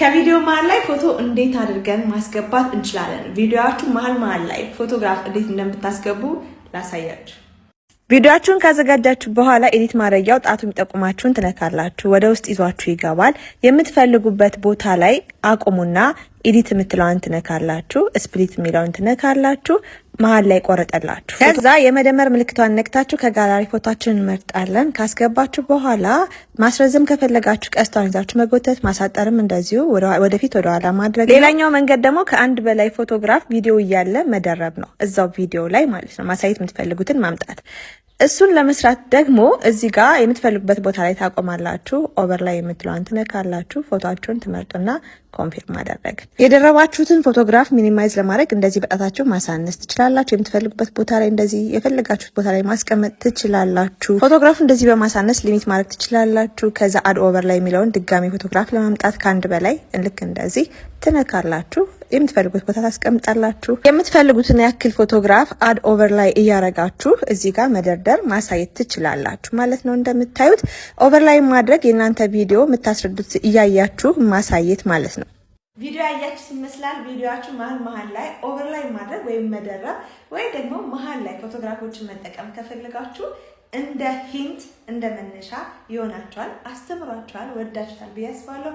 ከቪዲዮ መሀል ላይ ፎቶ እንዴት አድርገን ማስገባት እንችላለን? ቪዲዮችሁ መሀል መሀል ላይ ፎቶግራፍ እንዴት እንደምታስገቡ ላሳያችሁ። ቪዲዮአችሁን ካዘጋጃችሁ በኋላ ኤዲት ማድረጊያው ጣቱ የሚጠቁማችሁን ትነካላችሁ። ወደ ውስጥ ይዟችሁ ይገባል። የምትፈልጉበት ቦታ ላይ አቁሙና ኤዲት የምትለዋን ትነካላችሁ። ስፕሊት የሚለውን ትነካላችሁ። መሀል ላይ ቆረጠላችሁ። ከዛ የመደመር ምልክቷን ነክታችሁ ከጋላሪ ፎቶችን እንመርጣለን። ካስገባችሁ በኋላ ማስረዘም ከፈለጋችሁ ቀስቷን ይዛችሁ መጎተት፣ ማሳጠርም እንደዚሁ ወደፊት ወደኋላ ማድረግ። ሌላኛው መንገድ ደግሞ ከአንድ በላይ ፎቶግራፍ ቪዲዮ እያለ መደረብ ነው። እዛው ቪዲዮ ላይ ማለት ነው። ማሳየት የምትፈልጉትን ማምጣት እሱን ለመስራት ደግሞ እዚህ ጋር የምትፈልጉበት ቦታ ላይ ታቆማላችሁ። ኦቨር ላይ የምትለዋን ትነካላችሁ። ፎቶችሁን ትመርጡና ኮንፊርም ማደረግ የደረባችሁትን ፎቶግራፍ ሚኒማይዝ ለማድረግ እንደዚህ በጣታችሁ ማሳነስ ትችላላችሁ። የምትፈልጉበት ቦታ ላይ እንደዚህ የፈለጋችሁት ቦታ ላይ ማስቀመጥ ትችላላችሁ። ፎቶግራፉ እንደዚህ በማሳነስ ሊሚት ማድረግ ትችላላችሁ። ከዛ አድ ኦቨር ላይ የሚለውን ድጋሚ ፎቶግራፍ ለማምጣት ከአንድ በላይ ልክ እንደዚህ ትነካላችሁ። የምትፈልጉት ቦታ ታስቀምጣላችሁ። የምትፈልጉትን ያክል ፎቶግራፍ አድ ኦቨር ላይ እያረጋችሁ እዚህ ጋር መደርደር ማሳየት ትችላላችሁ ማለት ነው። እንደምታዩት ኦቨር ላይ ማድረግ የእናንተ ቪዲዮ የምታስረዱት እያያችሁ ማሳየት ማለት ነው። ቪዲዮ ያያችሁ ይመስላል። ቪዲዮችሁ መሀል መሀል ላይ ላይ ማድረግ ወይም መደረብ ወይ ደግሞ መሀል ላይ ፎቶግራፎችን መጠቀም ከፈለጋችሁ እንደ ሂንት እንደ መነሻ ይሆናችኋል። አስተምሯችኋል፣ ወዳችኋል ብዬ አስባለሁ።